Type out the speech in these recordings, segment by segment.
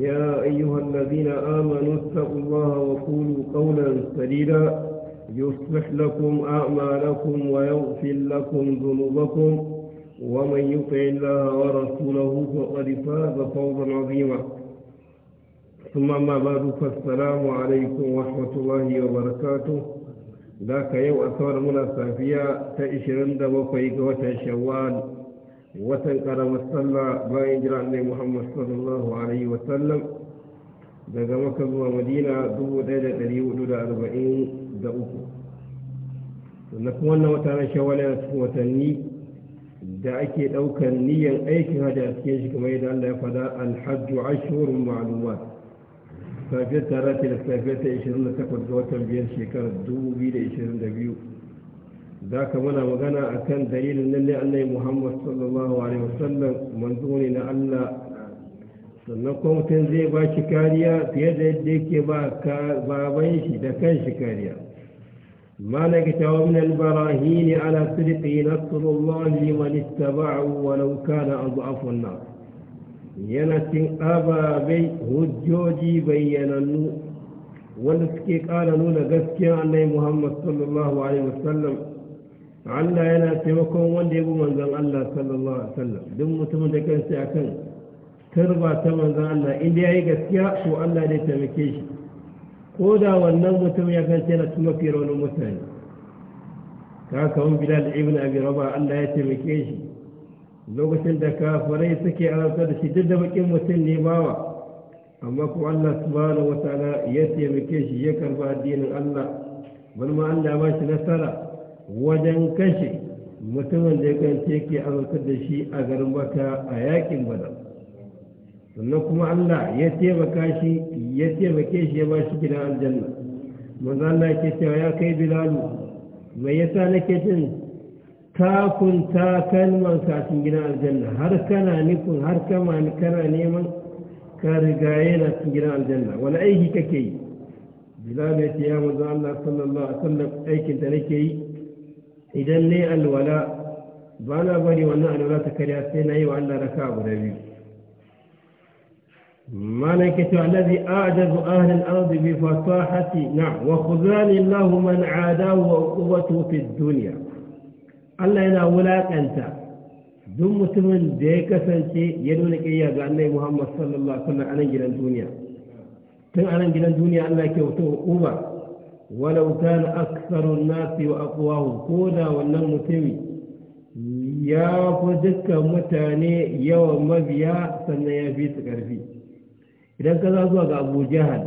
يا أيها الذين آمنوا اتقوا الله وقولوا قولا سديدا يصلح لكم أعمالكم ويغفر لكم ذنوبكم ومن يطع الله ورسوله فقد فاز فوزا عظيما ثم ما بعد فالسلام عليكم ورحمة الله وبركاته ذاك يوم أثار منا سافية تأشرند وفيك وتشوال watan karamar sallah bayan jira annai muhammad sallallahu alaihi wasallam daga maka zuwa madina 1443 sannan kuma wannan wata na shawala na cikin watanni da ake ɗaukar niyyar aikin hajji a cikin shi kamar yadda allah ya fada alhajju ashurun ma'lumat safiyar tara ce da safiyar ta 28 ga watan biyar shekarar 2022 ذاك منا وغنا أكن دليل للي أني محمد صلى الله عليه وسلم منزوني لألا sannan kuma mutum zai ba shi kariya fiye da yadda yake ba baban ما نكت ومن البراهين على صدقه نصر الله لمن اتبعه ولو كان أضعف الناس ينتن أبا بي هجوجي بيننو ولسكي قال نولا قسكي عن محمد صلى الله عليه وسلم Allah yana taimakon wanda ya bi manzan Allah sallallahu alaihi wasallam duk mutumin da kansa kan turba ta manzan Allah inda ya yi gaskiya ko Allah zai taimake shi ko da wannan mutum ya kansa yana tuma fiye wani mutane ka kawo bilal ibn abi raba Allah ya taimake shi lokacin da kafirai suke alamta da shi duk da bakin mutum ne bawa amma ko Allah subhanahu ala ya taimake shi ya karba addinin Allah bal ma Allah ba shi nasara wajen kashe mutumin da ya kance ke azautar da shi a garin baka a yakin badar sannan kuma allah ya taimaka shi ya taimake shi ya ba shi gidan aljanna manzo allah ke cewa ya kai bilalu mai yasa nake jin takun takalman kafin gidan aljanna har kana nufin har kama kana neman ka riga yana cikin gidan aljanna wani aiki kake yi bilalu ya ce ya manzo allah sallallahu alaihi wasallam aikin da nake yi idan ne alwala ba na bari wannan alwala ta karya sai na yi wa Allah raka da biyu malan ke cewa allazi ajazu ahli al-ardi bi fasahati na wa khuzani lahu man adahu wa uqwatu fi duniya. Allah yana wulakanta duk mutumin da ya kasance ya nuna kiyaya ga Annabi Muhammad sallallahu alaihi wasallam a nan gidan duniya tun a nan gidan duniya Allah ke wato uba walau kana aksarun nasi wa aqwahu ko da wannan mutumi ya fi dukkan mutane yawan mabiya sannan ya fi su ƙarfi. idan ka za zuwa ga abu jahal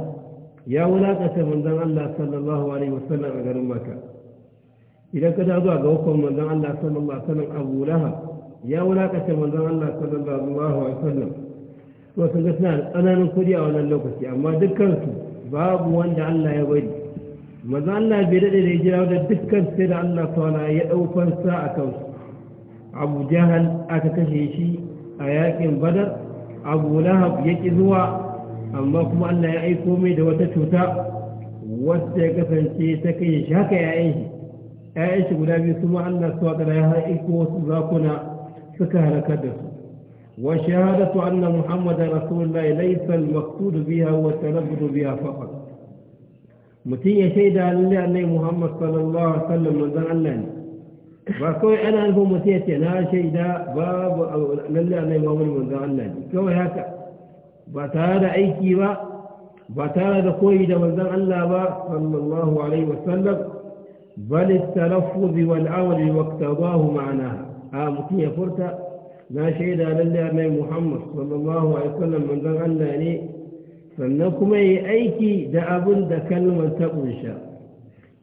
ya wulakata manzon Allah sallallahu alaihi wasallam a garin maka. idan ka za zuwa ga hukun manzon Allah sallallahu alaihi wasallam Abu Lahab ya wulakata manzon Allah sallallahu alaihi wasallam to sun ga suna tsananin kudi a wannan lokaci amma dukkan su babu wanda Allah ya bari manzo Allah bai daɗe da hijira da dukkan sai da Allah ta'ala ya ɗaukar sa a kansu abu jahal aka kashe shi a yakin badar abu lahab ya ƙi zuwa amma kuma Allah ya aiko mai da wata cuta wadda ya kasance ta kashe shi haka yayin shi yayin shi guda biyu kuma Allah su wata ya aiko wasu zakuna suka halakar da su wa shahadatu anna muhammadan rasulullahi laysa al-maqsud biha wa talabbud biha faqat متي سيدا الله النبي محمد صلى الله عليه وسلم من ذن الله باكوي أنا ألف متي سيدا سيدا باب الله النبي محمد من ذن الله كم هذا بتارا أي كيوا بتارا دكوي دا من ذن الله با صلى الله عليه وسلم بل التلفظ والأول واقتضاه معناه آه متي فرتا لا شيء دا الله محمد صلى الله عليه وسلم من ذن الله يعني sannan kuma yi aiki da abin da kalmar ta ƙunsha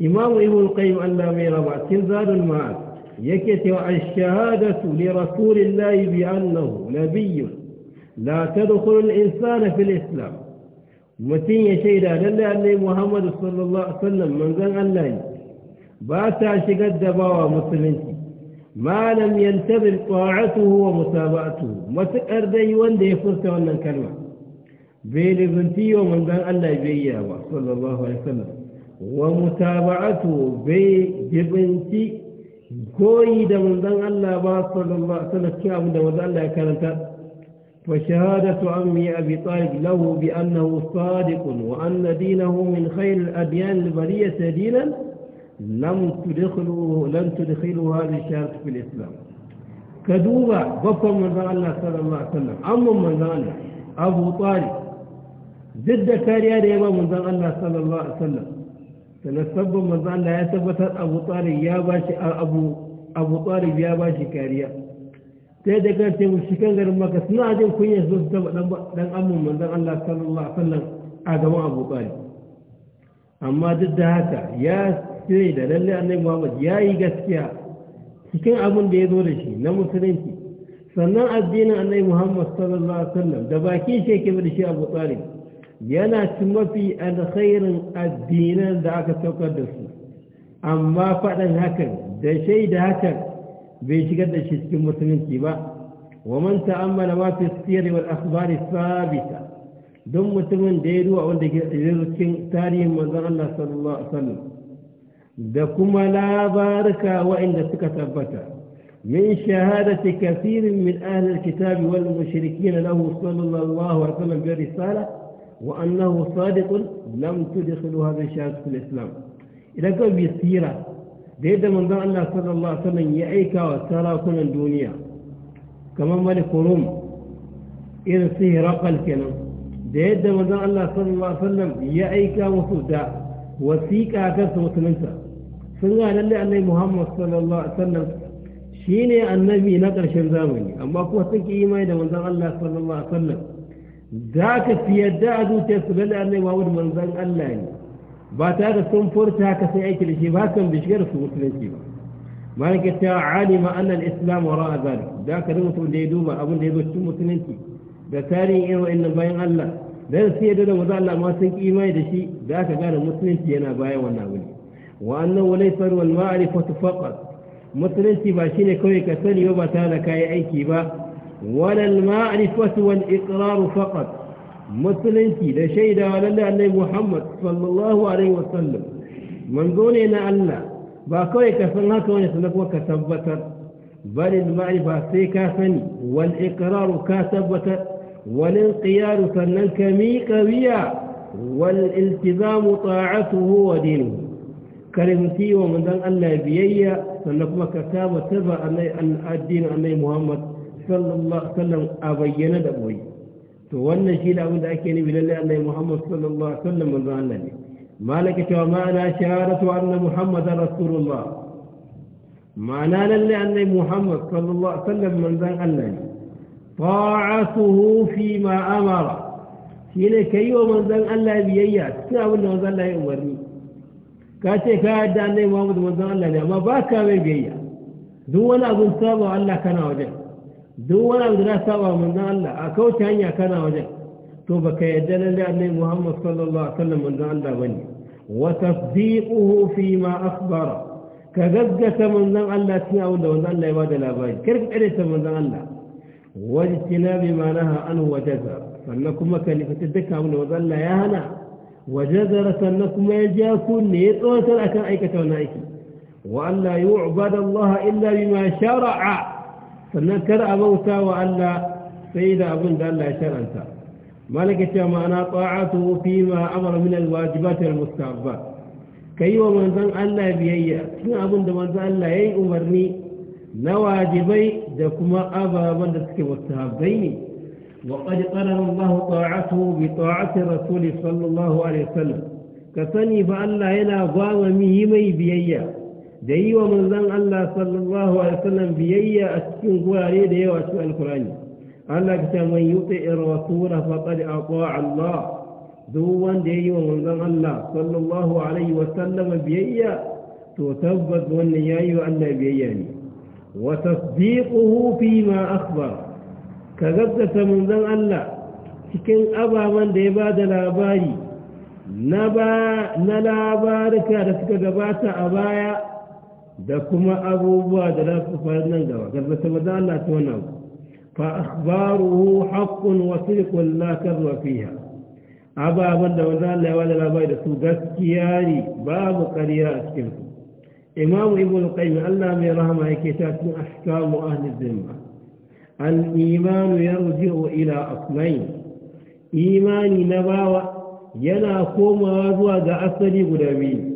imamu ibn qayyim Allah mai raba cikin zadul ma'ad yake cewa ash-shahadatu li rasulillahi bi annahu nabiyyun la tadkhulu al-insana fil islam mutum ya shaida lalle Allah Muhammad sallallahu alaihi wasallam manzon Allah ne ba ta shigar da bawa musulunci ma lam yantabi ta'atuhu wa mutaba'atuhu matakar dai wanda ya furta wannan kalmar بيلي بنتي يوم عندنا الله يبيه صلى الله عليه وسلم ومتابعته بي بنتي قوي من دان الله با صلى الله عليه وسلم كي أبو دا فشهادة عمي أبي طالب له بأنه صادق وأن دينه من خير الأديان البرية دينا لم تدخلوا لم تدخلوا هذه الشهادة في الإسلام كدوبة بفهم من دان الله صلى الله عليه وسلم أم من دان أبو طالب duk da kariya da ya ba zan Allah sallallahu alaihi wasallam talassabban manzon Allah ya tabbatar Abu Talib ya ba shi Abu Abu Talib ya ba shi kariya sai da kan ce kan garin maka suna jin kunya su ta dan dan amman zan Allah sallallahu alaihi wasallam a gaban Abu Talib amma duk da haka ya sai da lalle Annabi Muhammad ya yi gaskiya cikin abin da ya zo da shi na musulunci sannan addinin Annabi Muhammad sallallahu alaihi wasallam da baki shi yake da shi Abu Talib yana ci mafi alkhairin addinan da aka saukar da su amma faɗin hakan da shaida hakan bai shigar da shi cikin musulunci ba wa man ta'ammala ma fi sirri wal akhbari sabita don mutumin da ya ruwa wanda ke cikin tarihin manzon Allah sallallahu alaihi wasallam da kuma labarka waɗanda suka tabbata min shahadati kathirin min ahli alkitabi wal mushrikin lahu sallallahu alaihi wasallam bi risala وأنه صادق لم تدخل هذا الشهادة في الإسلام إذا كان بيسيرة ديدا من ذا الله صلى الله عليه وسلم يأيك كل الدنيا كما ملك روم إذا سيرق الكلام ديدا من ذا الله صلى الله عليه وسلم يأيك وسودا وسيك أكثر وسلمتا سنغا لله أن محمد صلى الله عليه وسلم شيني النبي نقر شنزامني أما كوتك إيمان من ذا الله صلى الله عليه وسلم za ka fi yadda a zuciyarsu lalle annai wani manzan Allah ne ba ta da sun furta haka sai aiki da shi ba kan bai shigar su musulunci ba bayan ka ta alima annan islam wa ra'a zalik da ka rubuta da ya duba abin da ya zo cikin musulunci da tarihin irin wa'in bayan Allah da sai ya da maza Allah ma sun imani da shi da ka gane musulunci yana bayan wannan abu ne wa annahu laysa wal ma'rifatu faqat musulunci ba shine kawai ka sani ba ba tare da kai aiki ba ولا المعرفة والإقرار فقط مثلنتي لشيدا ولله أن محمد صلى الله عليه وسلم من دوننا ألا باكوي كفنهك ونسلك وكثبت بل المعرفة سيكافني والإقرار كثبت والانقيار سننكميك بيا والالتزام طاعته ودينه كلمتي ومن دن ألا بيا سنكما كتاب تبا الدين أن محمد sallallahu alaihi wasallam a bayyana da boye to wannan shi da abin da ake nufi lallai annabi Muhammad sallallahu alaihi wasallam manzo Allah ne malaka cewa ma'ana shahadatu anna Muhammadar Rasulullah ma'ana lallai annabi Muhammad sallallahu alaihi wasallam manzo Allah ne ta'atuhu fi ma amara shine kai wa manzon Allah biyayya cikin abin da manzon Allah ya umarni ka ce ka yadda annabi Muhammad manzon Allah ne amma ba ka mai biyayya duk wani abin saba Allah kana wajen duk wani abu da na saba manzon Allah a kauce hanya kana wajen to baka yadda na lalle annabi Muhammad sallallahu alaihi wasallam manzon Allah bane wa tasdiquhu fi ma akhbara ka gaggata manzon Allah cikin abin da manzon Allah ya bada labari kar ka kare ta manzon Allah wajtinabi ma naha an wa jaza sannan kuma ka nifata dukkan abin da manzon Allah ya hana wa jazara sannan kuma ya ja ku ne ya tsotar akan aikata wannan aiki wa Allah yu'bada Allah illa bima shar'a sannan kar a bauta wa Allah sai da abin da Allah ya shar'anta malaka ce ma'ana ta'atu fi ma amara min alwajibat almustahabba kai wa manzon Allah biyayya cikin abin da manzon Allah yayi umarni na wajibai da kuma ababan da suke mustahabbai ne wa qad qarara Allah ta'atu bi ta'ati rasuli sallallahu alaihi wasallam ka sani ba Allah yana gwamami mai biyayya da yi wa manzon Allah sallallahu alaihi wasallam biyayya a cikin gurare da yawa cikin alkur'ani Allah ya ce man yuti ar-rasul fa qad ata Allah duk wanda yayi wa manzon Allah sallallahu alaihi wasallam biyayya to tabbas wannan yayi wa Allah biyayya ne wa tasdiquhu fi ma akhbar ka gaskata manzon Allah cikin ababan da ya ba da labari na labarika da suka gabata a baya da kuma abubuwa da za su faru nan gaba garbata ba Allah ta wannan fa akhbaruhu haqqun wa sidqun la karwa fiha ababan da wanda Allah ya wada labari da su gaskiya ne babu ƙarya a cikin su imamu ibnu qayyim Allah mai rahama yake ta su ahkamu ahli zimma al iman yarji'u ila aslain imani na bawa yana komawa zuwa ga asali guda biyu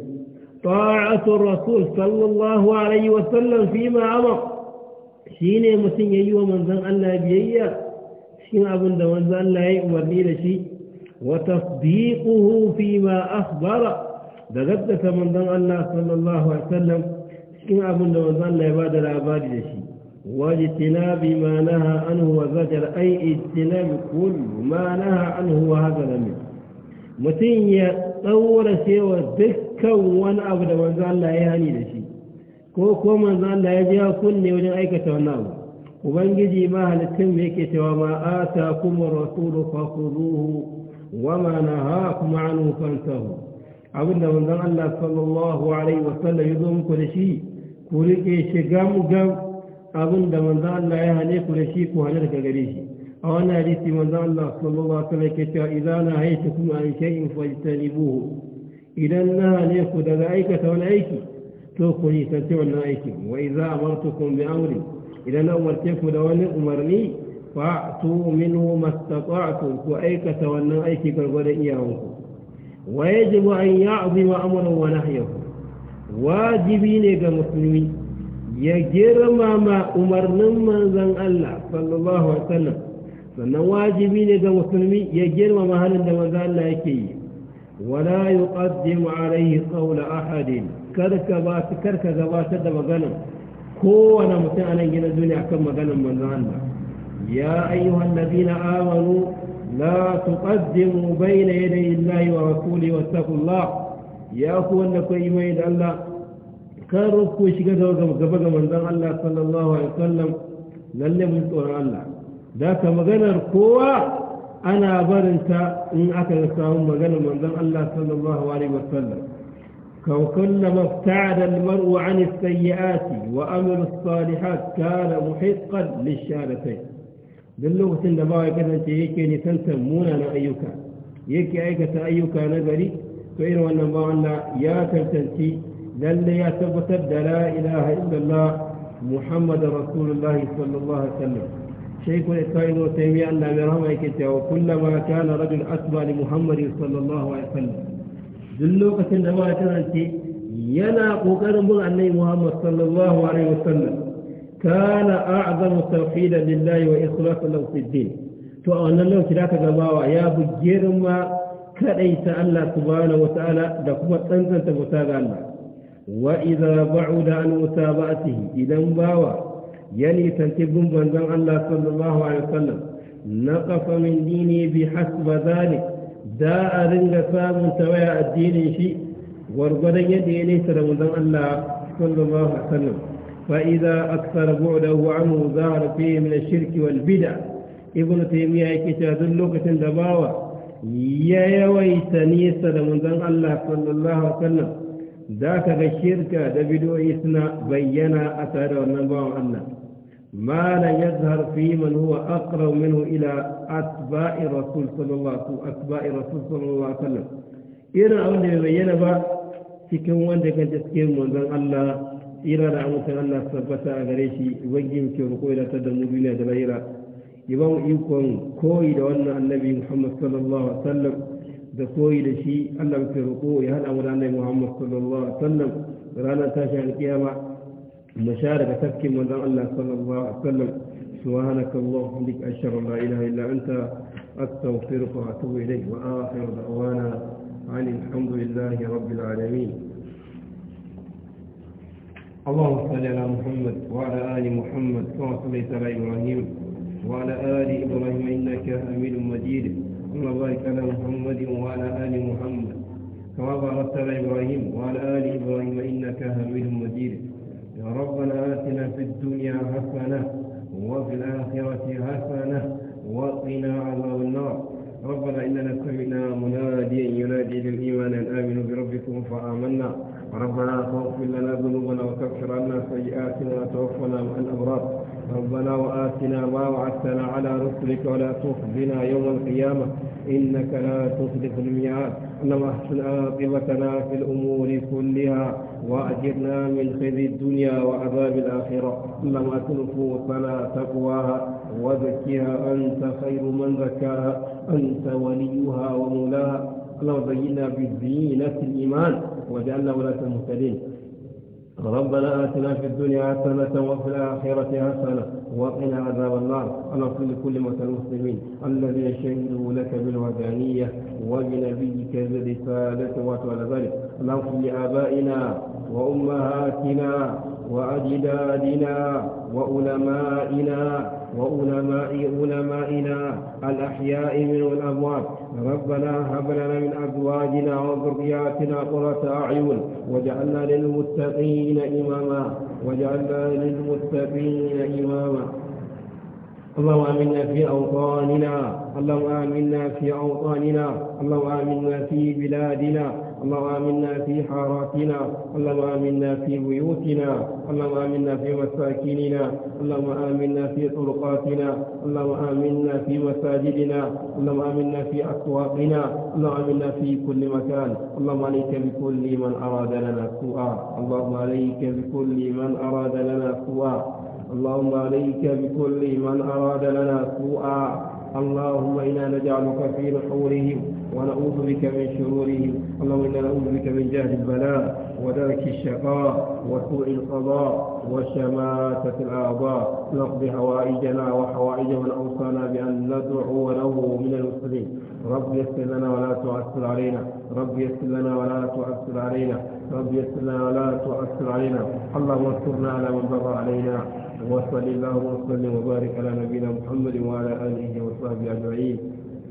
طاعة الرسول صلى الله عليه وسلم فيما أمر شيني متن يأيوه من ذن الله بيئة شين أبن دون ذن الله يأمرني لشي وتصديقه فيما أخبر دغدت من ذن الله صلى الله عليه وسلم شين أبن دون ذن الله يبعد العباد لشي واجتناب ما نهى عنه وزجر أي اجتناب كل ما نهى عنه وهذا منه متن يطور شيء ودك kan wani abu da wanzu Allah ya hani da shi ko ko manzu Allah ya ji kunne wajen aikata wani abu ubangiji ma halittun mai ke cewa ma atakum rasulu fakhuduhu wa ma nahakum anhu fantahu abinda manzon Allah sallallahu alaihi wasallam ya zo muku da shi ku rike shi gam gam abinda manzon Allah ya hane ku da shi ku hane daga gare shi a wannan hadisi manzon Allah sallallahu alaihi wasallam ke cewa idza nahaytukum an shay'in fajtanibuhu إلى النار يأخذ ذلك ولايك توقني تنتع النائك وإذا أمرتكم بأمر إلى الأول تأخذ ولأمرني فأعطوا منه ما استطعتم وأيك ونائك كالغد إياهم ويجب أن يعظم أمر ونحيه واجبين كمسلمين يجر ما ما أمرنا من ذن الله صلى الله عليه وسلم فأن واجبين كمسلمين يجر ما ما هل ذن الله يكيه ولا يقدم عليه قول أحد كركبات كركبات دمغنم كون متعنا ينزل أكم مغنم من الله يا أيها الذين آمنوا لا تقدموا بين يدي الله ورسوله واتقوا الله يا أخوان أنك إيمان الله كركوا شكتوا كما من الله صلى الله عليه وسلم للي من الله ذاك مغنر قوة ana barinta in aka samu maganar manzon Allah صلى الله عليه كو كلما ابتعد المرء عن السيئات وأمر الصالحات كان محقا للشهادتين دلوغة النباوة كذا يكي نسنسا مونا أيوكا هيك أيكا أيوكا نذري فإن الله أن يا تلتنسي لن يا تبتد لا إله إلا الله محمد رسول الله صلى الله عليه وسلم شيخ الإسلام ابن تيمية أن مرهم يكتب وكلما كان رجل أتبع لمحمد صلى الله عليه وسلم دلوك سنما تنتي ينا قوكرم أني محمد صلى الله عليه وسلم كان أعظم توحيدا لله وإخلاصا له في الدين فأنا لو كلاك جماعة يا بجرما كأيت الله سبحانه وتعالى دكما تنزل تبتاغ الله وإذا بعد عن متابعته إذا مباوى يلي تنتبهم بنزان الله صلى الله عليه وسلم نقف من ديني بحسب ذلك داء رنجة صاب سويا الدين شيء ورغد يدي ليس رمضان صلى الله عليه وسلم فإذا أكثر بعده عنه ظهر فيه من الشرك والبدع ابن تيمية كتاب اللغة دباوة يا ويت صلى الله عليه وسلم ذاك الشرك دبدو إثنا بينا أثار ونبع الله ما لا يظهر فيه من هو أقرب منه إلى أتباع رسول صلى الله عليه وسلم أتباع رسول صلى الله عليه وسلم إيرا أول ما يبين با تكون وان ده كان تسكين من ذن الله إيرا لا أموت أن الله سبسا أغريشي وجيم كي ركوي لا تدمو بنا دلائرا يبان يكون كوي لأن النبي محمد صلى الله عليه وسلم ده كوي لشي الله كي ركوي هل أمر أن محمد صلى الله عليه وسلم رانا تاشا القيامة بشارة تبكي من الله صلى الله عليه وسلم سبحانك اللهم بك أشهد أن لا إله إلا أنت أستغفرك وأتوب إليك وآخر دعوانا عن الحمد لله رب العالمين اللهم صل على محمد وعلى آل محمد كما صليت على إبراهيم وعلى آل إبراهيم إنك حميد مجيد اللهم بارك على محمد وعلى آل محمد كما باركت على إبراهيم وعلى آل إبراهيم إنك حميد مجيد يا ربنا آتنا في الدنيا حسنة وفي الآخرة حسنة وقنا عذاب النار ربنا إننا سمعنا مناديا ينادي للإيمان أن آمنوا بربكم فآمنا ربنا فاغفر لنا ذنوبنا وكفر عنا سيئاتنا وتوفنا مع الأبرار ربنا وآتنا ما وعدتنا على رسلك ولا تخزنا يوم القيامة إنك لا تخلف الميعاد اللهم احسن عاقبتنا في الأمور كلها وأجرنا من خزي الدنيا وعذاب الآخرة اللهم أت نفوسنا تقواها وزكها أنت خير من زكاها أنت وليها ومولاها اللهم زينا بزينة الإيمان وجعلنا ولاة المهتدين ربنا آتنا في الدنيا حسنة وفي الآخرة حسنة وقنا عذاب النار اللهم لكل موتى المسلمين الذين شهدوا لك بالوحدانية وبنبيك وأتوا على ذلك اللهم لآبائنا وأمهاتنا وأجدادنا وعلمائنا وعلماء علمائنا الأحياء من الأموات ربنا هب لنا من أزواجنا وذرياتنا قرة أعين واجعلنا للمتقين إماما واجعلنا للمتقين إماما اللهم آمنا في أوطاننا اللهم آمنا في أوطاننا اللهم آمنا في بلادنا اللهم آمنا في حاراتنا اللهم آمنا في بيوتنا اللهم آمنا في مساكننا اللهم آمنا في طرقاتنا اللهم آمنا في مساجدنا اللهم آمنا في أسواقنا اللهم آمنا في كل مكان اللهم عليك بكل من أراد لنا سوءا اللهم عليك بكل من أراد لنا سوءا اللهم عليك بكل من أراد لنا سوءا اللهم إنا نجعلك في نحورهم ونعوذ بك من شروره اللهم إنا نعوذ بك من جهل البلاء ودرك الشقاء وسوء القضاء وشماتة الأعضاء نقض حوائجنا وحوائج من أوصانا بأن ندعو له من المسلمين رب يسر لنا ولا تعسر علينا رب يسر لنا ولا تعسر علينا رب يسر لنا ولا تعسر علينا اللهم انصرنا على من بر علينا وصل اللهم وسلم وبارك على نبينا محمد وعلى آله وصحبه أجمعين